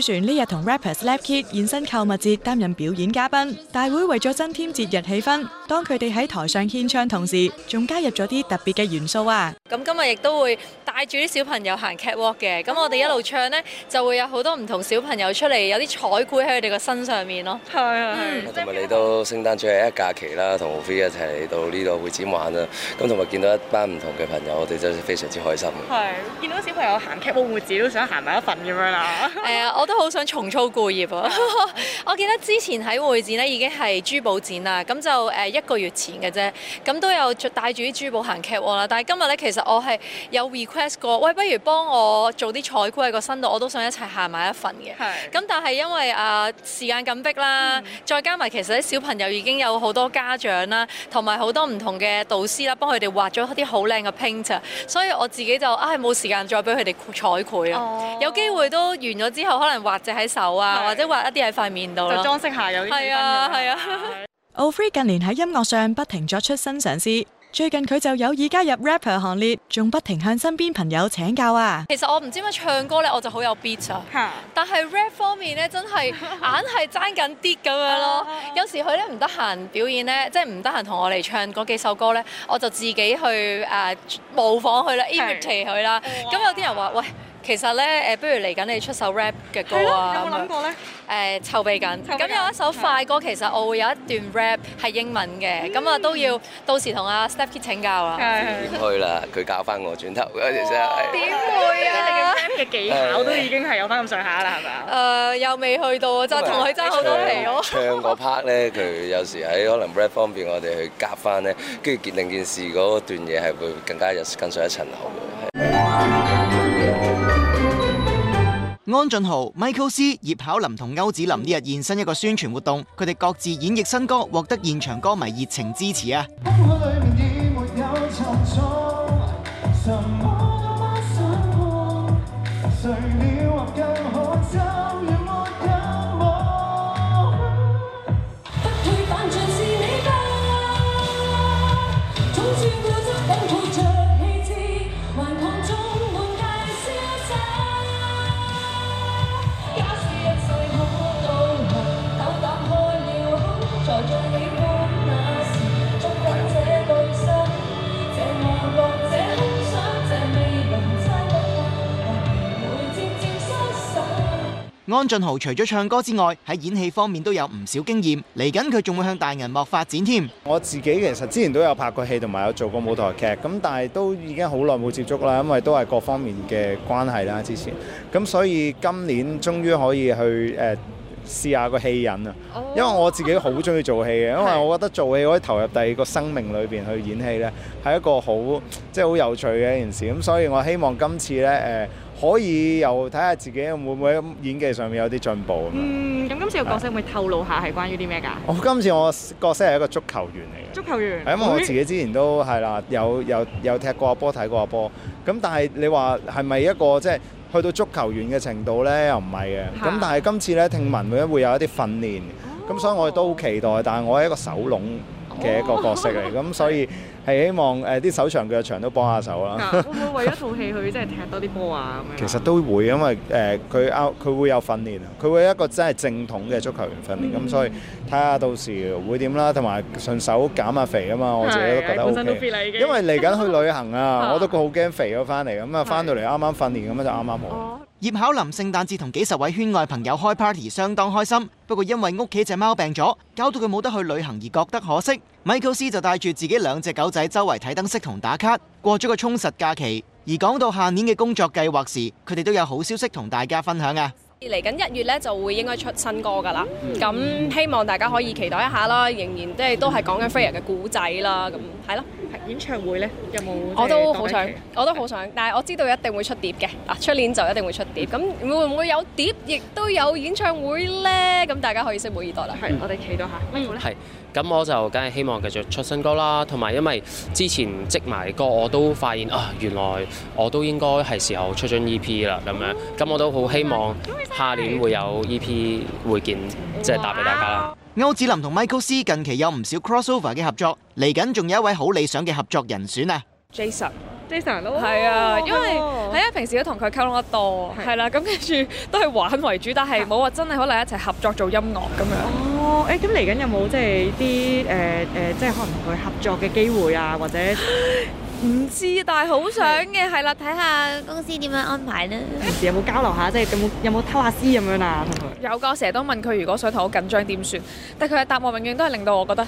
船呢日同 rapper Lab Kid 現身購物節，擔任表演嘉賓。大會為咗增添節日氣氛，當佢哋喺台上獻唱同時，仲加入咗啲特別嘅元素啊！咁今日亦都會。帶住啲小朋友行 Catwalk 嘅，咁我哋一路唱呢，就會有好多唔同小朋友出嚟，有啲彩繪喺佢哋個身上面咯。係啊，係。嗯，即係嚟到聖誕節嘅假期啦，同浩飛一齊嚟到呢度會展玩啊！咁同埋見到一班唔同嘅朋友，我哋真係非常之開心。係，是啊、見到小朋友行 Catwalk 會展都想行埋一份咁樣啦。啊、呃，我都好想重操舊業啊。 我記得之前喺會展呢已經係珠寶展啦，咁就誒一個月前嘅啫，咁都有帶住啲珠寶行 Catwalk 啦。但係今日呢，其實我係有喂，不如幫我做啲彩繪喺個身度，我都想一齊下埋一份嘅。咁是但係因為啊、呃、時間緊迫啦，嗯、再加埋其實啲小朋友已經有好多家長啦，同埋好多唔同嘅導師啦，幫佢哋畫咗一啲好靚嘅 paint，所以我自己就啊冇、呃、時間再俾佢哋彩繪啊。哦、有機會都完咗之後，可能畫隻喺手啊，是或者畫一啲喺塊面度就裝飾下。有啲係啊，係啊。啊、 Olaf 近年喺音樂上不停作出新嘗試。最近佢就有意加入 rapper 行列，仲不停向身邊朋友請教啊。其實我唔知乜唱歌咧，我就好有 beat 啊。 但係 rap 方面咧，真係硬係爭緊啲咁樣咯。 有時佢咧唔得閒表演咧，即係唔得閒同我哋唱嗰幾首歌咧，我就自己去誒、啊、模仿佢啦，imitate 佢 啦。咁、嗯、Wow. 有啲人話喂。其實咧，誒，不如嚟緊你出首 rap 嘅歌啊！有冇諗過咧？誒，籌備緊。咁有一首快歌，其實我會有一段 rap 係英文嘅，咁啊都要到時同阿 Stephie 請教啊。唔去啦，佢教翻我，轉頭嗰陣時真係點會啊！你嘅 rap 嘅技巧都已經係有翻咁上下啦，係咪？誒，又未去到啊，就同佢爭好多皮咯。唱嗰 part 咧，佢有時喺可能 rap 方面，我哋去夾翻咧，跟住令件事嗰段嘢係會更加有更上一層樓嘅。安俊豪、Michael C、葉巧琳同歐子林呢日現身一個宣傳活動，佢哋各自演繹新歌，獲得現場歌迷熱情支持啊！ 張俊豪除咗唱歌之外，喺演戲方面都有唔少經驗。嚟緊佢仲會向大銀幕發展添。我自己其實之前都有拍過戲，同埋有做過舞台劇，咁但係都已經好耐冇接觸啦，因為都係各方面嘅關係啦。之前咁所以今年終於可以去誒，試下個戲癮啊！因為我自己好中意做戲嘅，因為我覺得做戲可以投入第二個生命裏邊去演戲咧，係一個好，即係好有趣嘅一件事。咁所以我希望今次咧誒。可以又睇下自己會唔會喺演技上面有啲進步。嗯，咁今次個角色會唔會透露下係關於啲咩㗎？我、哦、今次我角色係一個足球員嚟嘅。足球員。因為我自己之前都係啦，有有有踢過下波，睇過下波。咁但係你話係咪一個即係去到足球員嘅程度呢？又唔係嘅。咁的但係今次呢，聽聞會有一啲訓練。咁、哦、所以我都好期待。但係我係一個手攏嘅一個角色嚟，咁、哦、所以。係希望誒啲，呃、手長腳長都幫下手啦！會唔會為一套戲去真係踢多啲波啊？咁樣其實都會，因為誒佢啱佢會有訓練啊，佢會一個真係正，正，正統嘅足球員訓練，咁、嗯、所以睇下到時會點啦，同埋順手減下肥啊嘛，我自己都覺得 OK。因為嚟緊去旅行啊，我都覺好驚肥咗翻嚟，咁啊翻到嚟啱啱訓練咁樣就啱啱好。嗯嗯嗯嗯嗯嗯葉巧琳聖誕節同幾十位圈外朋友開 party，相當開心。不過因為屋企隻貓病咗，搞到佢冇得去旅行而覺得可惜。米高斯就帶住自己兩隻狗仔周圍睇燈飾同打卡，過咗個充實假期。而講到下年嘅工作計劃時，佢哋都有好消息同大家分享啊！嚟緊一月咧就會應該出新歌噶啦，咁、嗯嗯、希望大家可以期待一下啦。仍然即係都係講緊 Freya 嘅古仔啦，咁係咯。演唱會呢，有冇？我都好想，我都好想，但係我知道一定會出碟嘅。嗱、啊，出年就一定會出碟。咁、嗯、會唔會有碟，亦都有演唱會呢。咁大家可以拭目以待啦。係、嗯，我哋期待下。好。咁我就梗係希望繼續出新歌啦，同埋因為之前積埋歌，我都發現啊，原來我都應該係時候出張 EP 啦咁樣。咁我都好希望下年會有 EP 會見，即係答俾大家啦。哇歐子林同 Michael C 近期有唔少 crossover 嘅合作，嚟緊仲有一位好理想嘅合作人選啊。Jason 常都係啊，因為係了啊，平時都同佢溝通得多，係啦、啊，咁跟住都係玩為主，但係冇話真係可能一齊合作做音樂咁樣。哦，誒、欸，咁嚟緊有冇即係啲誒誒，即、呃、係、呃就是、可能同佢合作嘅機會啊，或者唔知， 但係好想嘅，係啦、啊，睇下、啊、公司點樣安排呢？平時有冇交流下即係、就是、有冇有冇偷下私咁樣啊？同佢有個，成日都問佢如果想同我緊張點算，但係佢嘅答案永，永遠都係令到我覺得。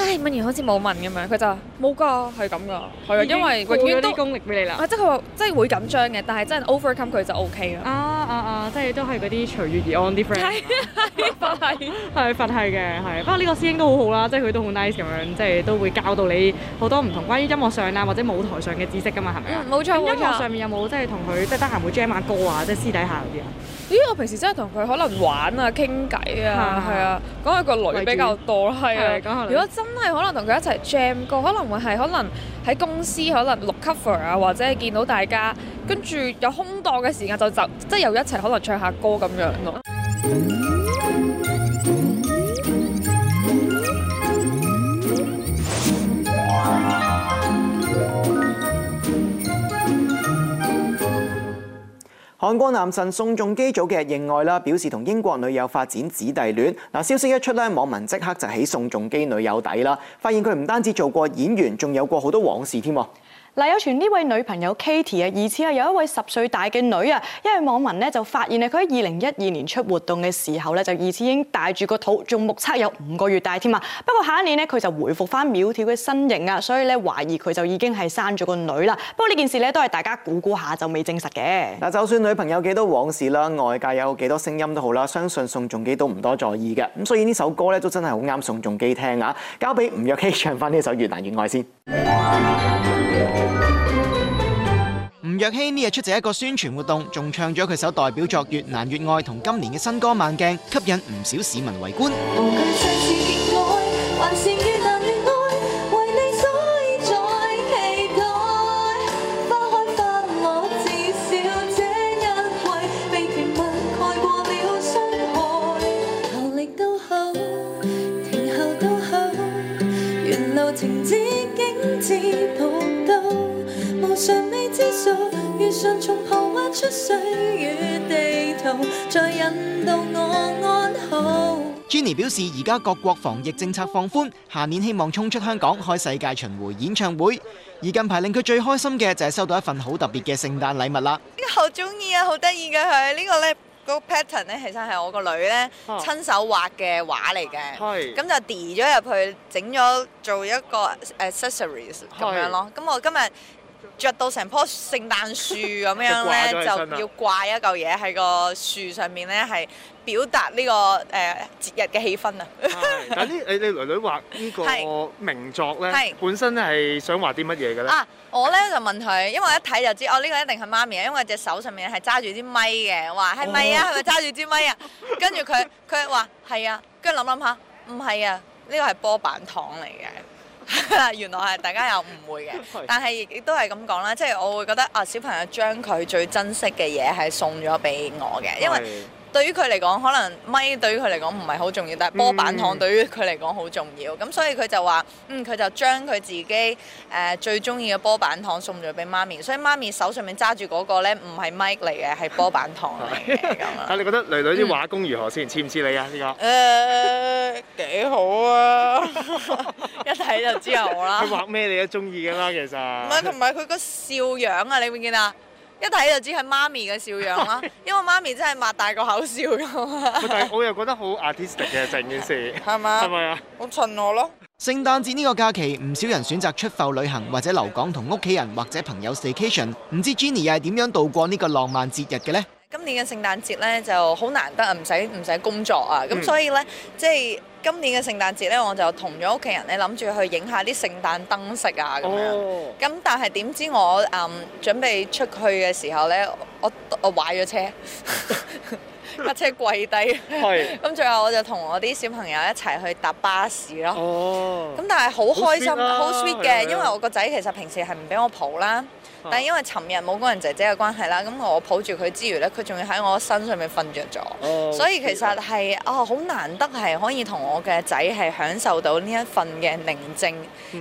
唉，問完、哎、好似冇問咁樣，佢就冇噶，係咁噶，係啊，因為補咗啲功力俾你啦。即係佢話即係會緊張嘅，但係真係 overcome 佢就 O K 啦。啊啊啊，即係都係嗰啲隨遇而安啲 friend。係，佛系係佛系嘅，係。不過呢個師兄都好好啦，即係佢都好 nice 咁樣，即係都會教到你好多唔同關於音樂上啊或者舞台上嘅知識噶嘛，係咪？冇錯冇錯。音樂上面有冇即係同佢即係得閒會 jam 下歌啊？即係私底下嗰啲啊？咦，我平時真係同佢可能玩啊、傾偈啊，係啊，講下、啊、個女比較多啦，係啊。啊啊如果真係可能同佢一齊 jam 歌，可能係可能喺公司可能錄 cover 啊，或者見到大家跟住有空檔嘅時間就就，即、就、係、係、又一齊可能唱下歌咁樣咯、啊。 韓國男神宋仲基組嘅認愛啦，表示同英國女友發展姊弟戀。嗱，消息一出咧，網民即刻就起宋仲基女友底啦，發現佢唔單止做過演員，仲有過好多往事添。嗱，有傳呢位女朋友 Katie 啊，疑似啊有一位十歲大嘅女啊。因為網民咧就發現啊，佢喺二零一二年出活動嘅時候咧，就疑似已經帶住個肚，仲目測有五個月大添啊。不過下一年咧，佢就回復翻苗條嘅身形啊，所以咧懷疑佢就已經係生咗個女啦。不過呢件事咧都係大家估估下就未證實嘅。嗱，就算女朋友幾多往事啦，外界有幾多聲音都好啦，相信宋仲基都唔多在意嘅。咁所以呢首歌咧都真係好啱宋仲基聽啊，交俾吳若希唱翻呢首《越難越愛》先。吳若希呢日出席一個宣傳活動，仲唱咗佢首代表作《越難越愛》同今年嘅新歌《慢鏡》，吸引唔少市民圍觀。 出水月地圖，再引導我安好。Jenny 表示而家各國防疫政策放寬，下年希望衝出香港開世界巡迴演唱會。而近排令佢最開心嘅就係收到一份好特別嘅聖誕禮物啦！好中意啊，好得意嘅佢。呢、這個呢嗰、這個、pattern 呢，其實係我個女呢、啊、親手畫嘅畫嚟嘅。係咁是就 di 咗入去，整咗做一個 accessories 咁樣咯。咁是我今日。着到成棵聖誕樹咁樣咧， 就，就要掛一嚿嘢喺個樹上面咧，係表達呢、呢個誒、呃、節日嘅氣氛啊 ！咁你你女女畫呢個名作咧，本身咧係想畫啲乜嘢嘅咧？啊，我咧就問佢，因為一睇就知，哦呢、呢個一定係媽咪，咪，是是啊是是咪啊，因為隻手上面係揸住啲咪嘅，話係咪啊？係咪揸住啲咪啊？跟住佢佢話係啊，跟住諗諗下，唔係啊，呢個係波板糖嚟嘅。 原來係大家有誤會嘅，但係亦都係咁講啦，即係我會覺得啊，小朋友將佢最珍惜嘅嘢係送咗俾我嘅，因為。對於佢嚟講，可能咪對於佢嚟講唔係好重要，但係波板糖對於佢嚟講好重要。咁、嗯、所以佢就話：嗯，佢就將佢自己誒、呃、最中意嘅波板糖送咗俾媽咪。所以媽咪手上面揸住嗰個咧，唔係咪嚟嘅，係波板糖 但你覺得女女啲畫工如何先？似唔似你啊？呢、呢個誒幾、呃、好啊！ 一睇就知係我啦。佢 畫咩你都中意㗎啦，其實。唔係同埋佢個笑樣啊！你會唔會見啊？一睇就知係媽咪嘅笑樣啦，因為媽咪真係擘大個口笑㗎 但係我又覺得好 artistic 嘅成件事係嘛，係咪啊？好襯吧我咯！聖誕節呢個假期，唔少人選擇出埠旅行或者留港同屋企人或者朋友 staycation，唔知 Jenny 又係點樣度過呢個浪漫節日嘅呢？今年嘅聖誕節呢就好難得啊，唔使唔使工作啊，咁、嗯、所以呢，即係今年嘅聖誕節呢，我就同咗屋企人呢諗住去影下啲聖誕燈飾啊咁樣。咁、哦、但係點知我嗯準備出去嘅時候呢，我我壞咗車，架 車跪低。咁 是 最後我就同我啲小朋友一齊去搭巴士咯。咁、哦、但係好開心，好 sweet 嘅，因為我個仔其實平時係唔俾我抱啦。但係因為尋日冇工人姐姐嘅關係啦，咁我抱住佢之餘咧，佢仲要喺我身上面瞓着咗，oh, okay. 所以其實係啊好難得係可以同我嘅仔係享受到呢一份嘅寧靜，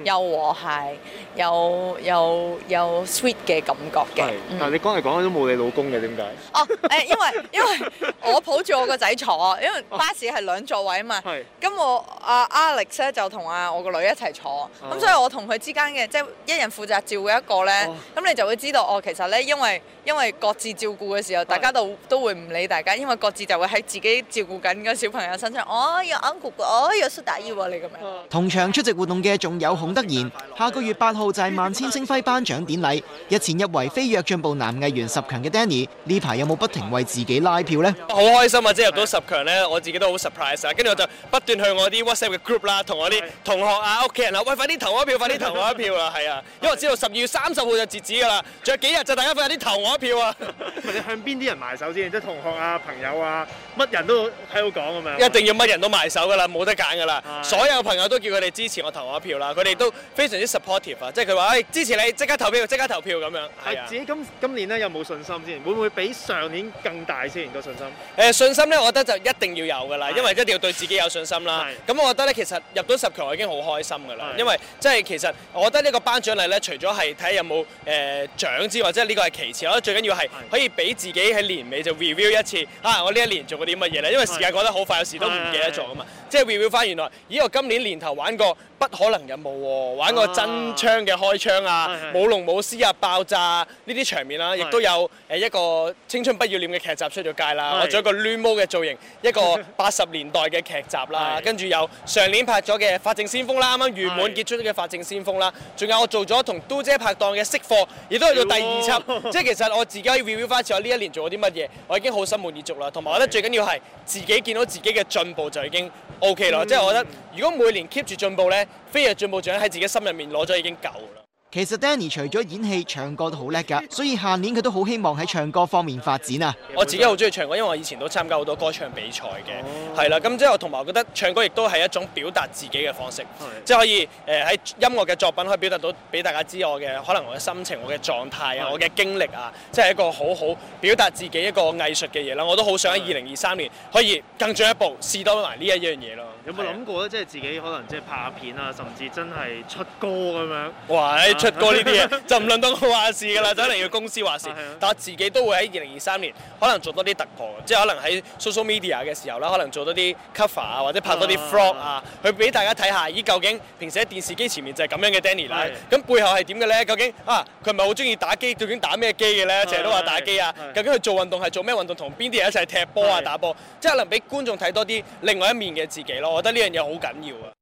又和諧，又又又 sweet 嘅感覺嘅。Yes. 嗯、但係你來講嚟講去都冇你老公嘅點解？哦誒、oh, 欸，因為因為我抱住我個仔坐，因為巴士係兩座位啊嘛。係、oh. 嗯。咁我阿、啊、Alex 咧就同啊我個女一齊坐，咁所以我同佢之間嘅即係一人負責照顧一個咧，oh. oh. 就會知道哦，其實咧，因 為因為各自照顧嘅時候，大家都都會唔理大家，因為各自就會喺自己照顧緊個小朋友身上。哦，有 Uncle，哦，有 Shout Out 你咁樣。 嗯嗯、同場出席活動嘅仲有孔德賢，下個月八號就係萬千星輝頒獎典禮。日前入圍飛躍進步男藝員十強嘅 Danny，呢排有冇不停為自己拉票呢？好 開心啊！即入到十強呢，我自己都好 surprise 啊！跟住我就不斷去我啲 WhatsApp 嘅 group 啦，同我啲同學啊、屋企人啊，喂，快啲投我一票，快啲投我一票啦！係啊， 因為我知道十二月三十號就截止。仲有幾日就大家快啲投我一票啊！咪 你向邊啲人埋手先？即係同學啊、朋友啊，乜人都喺度講咁樣。一定要乜人都埋手噶啦，冇得揀噶啦。是所有朋友都叫佢哋支持我投我一票啦，佢哋是都非常之 supportive 啊，即係佢話：哎，支持你，即刻投票，即刻投票咁樣。啊、自己今，今年呢有冇信心先？會唔會比上年更大先個信心？誒、呃，信心咧，我覺得就一定要有噶啦，是因為一定要對自己有信心啦。係是。咁我覺得咧，其實入到十強我已經好開心噶啦，是因為即係其實我覺得呢個頒獎禮咧，除咗係睇有冇誒。呃誒、呃、獎之，或者呢個係其次，我覺得最緊要係可以俾自己喺年尾就 review 一次，啊，我呢一年做過啲乜嘢咧？因為時間過得好快，有的時都唔記得咗啊嘛，即係 review 返原來，咦，我今年年頭玩過不可能任務喎，玩個真槍嘅開槍啊，舞龍舞獅啊，爆炸呢、啊、啲場面啦、啊，亦對都有誒、呃、一個青春不要臉嘅劇集出咗街啦，我做對一個攣毛嘅造型，一個八十年代嘅劇集啦， 對跟住有上年拍咗嘅《法證先鋒》啦，啱啱完滿結束咗嘅《法證先鋒》啦，仲對有我做咗同都姐拍檔嘅《識貨》，亦都去到第二輯，是哦、 即係其實我自己 review 翻一次我呢一年做咗啲乜嘢，我已經好心滿意足啦，同埋我覺得最緊要係自己見到自己嘅進步就已經 OK 啦，對嗯、即係我覺得如果每年 keep 住進步咧。飛躍進步獎喺自己心入面攞咗已經夠啦。其實 Danny 除咗演戲，唱歌都好叻噶，所以下年佢都好希望喺唱歌方面發展啊。我自己好中意唱歌，因為我以前都參加好多歌唱比賽嘅，係啦、哦。咁之後同埋我覺得唱歌亦都係一種表達自己嘅方式，的即係可以誒喺音樂嘅作品可以表達到俾大家知我嘅可能我嘅心情、我嘅狀態啊、的我嘅經歷啊，即係一個好好表達自己一個藝術嘅嘢啦。我都好想喺二零二三年可以更進一步試多埋呢一樣嘢咯。有冇諗過咧？即係自己可能即係拍片啊，甚至真係出歌咁樣。哇！啊、出歌呢啲嘢就唔論到我話事㗎啦， 走嚟要公司話事。啊、但係自己都會喺二零二三年，可能做多啲突破，即係可能喺 social media 嘅時候啦，可能做多啲 cover 啊，或者拍多啲 vlog 啊，啊，去俾大家睇下，咦？究竟平時喺電視機前面就係咁樣嘅 Danny 啦是，咁、啊、背後係點嘅咧？究竟啊，佢係咪好中意打機，究竟打咩機嘅咧？成日都話打機啊，究竟佢做運動係做咩運動？同邊啲人一齊踢波啊、是是打波？即係可能俾觀眾睇多啲另外一面嘅自己咯。我覺得呢樣嘢好緊要。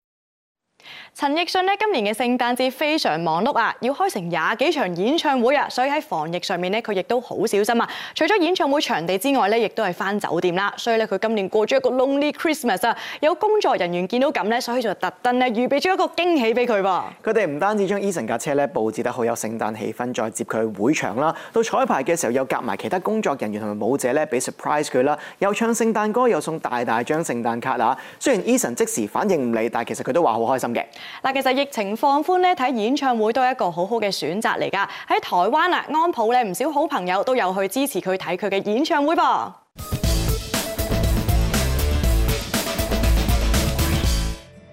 陳奕迅咧今年嘅聖誕節非常忙碌啊，要開成廿幾場演唱會啊，所以喺防疫上面咧佢亦都好小心啊。除咗演唱會場地之外咧，亦都係返酒店啦、啊。所以咧佢今年過咗一個 Lonely Christmas 啊。有工作人員見到咁咧，所以就特登咧預備咗一個驚喜俾佢噃。佢哋唔單止將 Eason 架車咧布置得好有聖誕氣氛，再接佢去會場啦、啊。到彩排嘅時候又夾埋其他工作人員同埋舞者咧，俾 surprise 佢啦。又唱聖誕歌，又送大大張聖誕卡啦、啊。雖然 Eason 即時反應唔嚟，但係其實佢都話好開心嘅。嗱，其實疫情放寬咧，睇演唱會都係一個好好嘅選擇嚟㗎。喺台灣啊，安普咧唔少好朋友都有去支持佢睇佢嘅演唱會噃。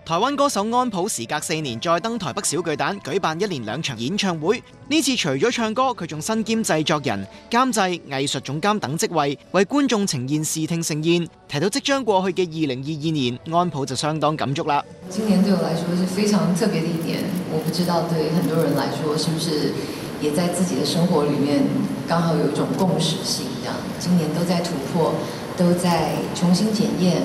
台灣歌手安普，時隔四年再登台北小巨蛋舉辦一連兩場演唱會。呢次除咗唱歌，佢仲身兼製作人、監製、藝術總監等職位，為觀眾呈現視聽盛宴。提到即將過去嘅二零二二年，安普就相當感觸啦。今年對我來說是非常特別的一年，我不知道對很多人來說是不是也在自己的生活裡面，剛好有一種共識性，一樣今年都在突破，都在重新檢驗。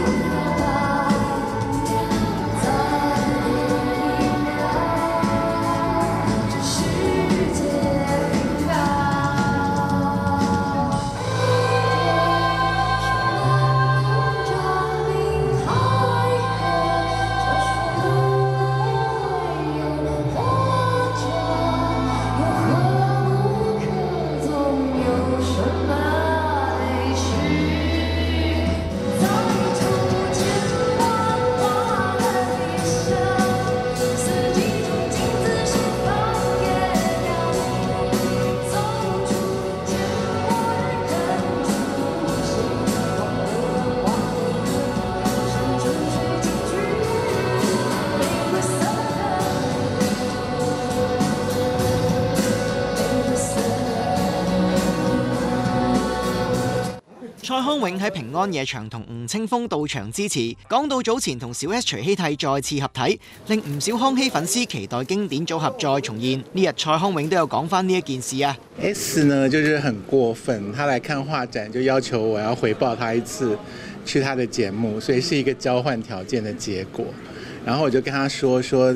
永喺平安夜場同吳青峰到場支持，講到早前同小 S 徐熙娣，再次合體，令唔少康熙粉絲期待經典組合再重現。呢日蔡康永都有講返呢一件事啊。S, S 呢就是很過分，他來看畫展就要求我要回報他一次去他的節目，所以是一個交換條件的結果。然後我就跟他說說。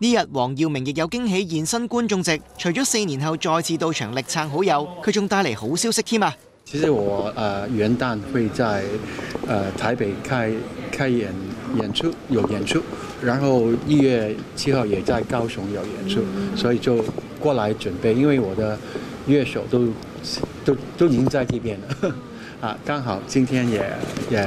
呢日黃耀明亦有驚喜現身觀眾席，除咗四年後再次到場力撐好友，佢仲帶嚟好消息添啊！其實我誒元旦會在誒台北開開演演出，有演出，然後一月七號也在高雄有演出，所以就過來準備，因為我的樂手都都都已經在這邊了，啊，剛好今天也也。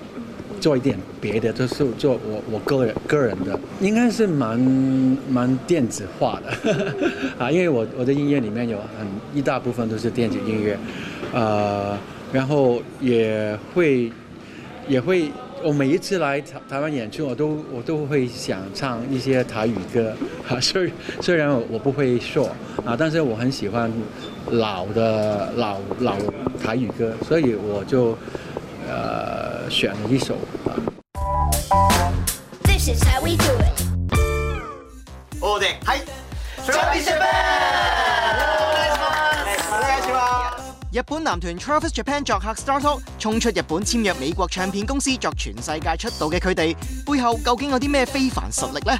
做一點別的，就是做我我個人個人的，應該是蠻蠻電子化的 啊，因為我我的音樂裏面有很一大部分都是電子音樂，呃，然後也會也會，我每一次來台，台灣演出我都我都會想唱一些台語歌啊，雖雖然我我不會說，啊，但是我很喜歡老的老老台語歌，所以我就呃。選一首啊！日本男團 Travis Japan 作客 Start 衝出日本簽約美國唱片公司，作全世界出道嘅佢哋，背後究竟有啲咩非凡實力呢？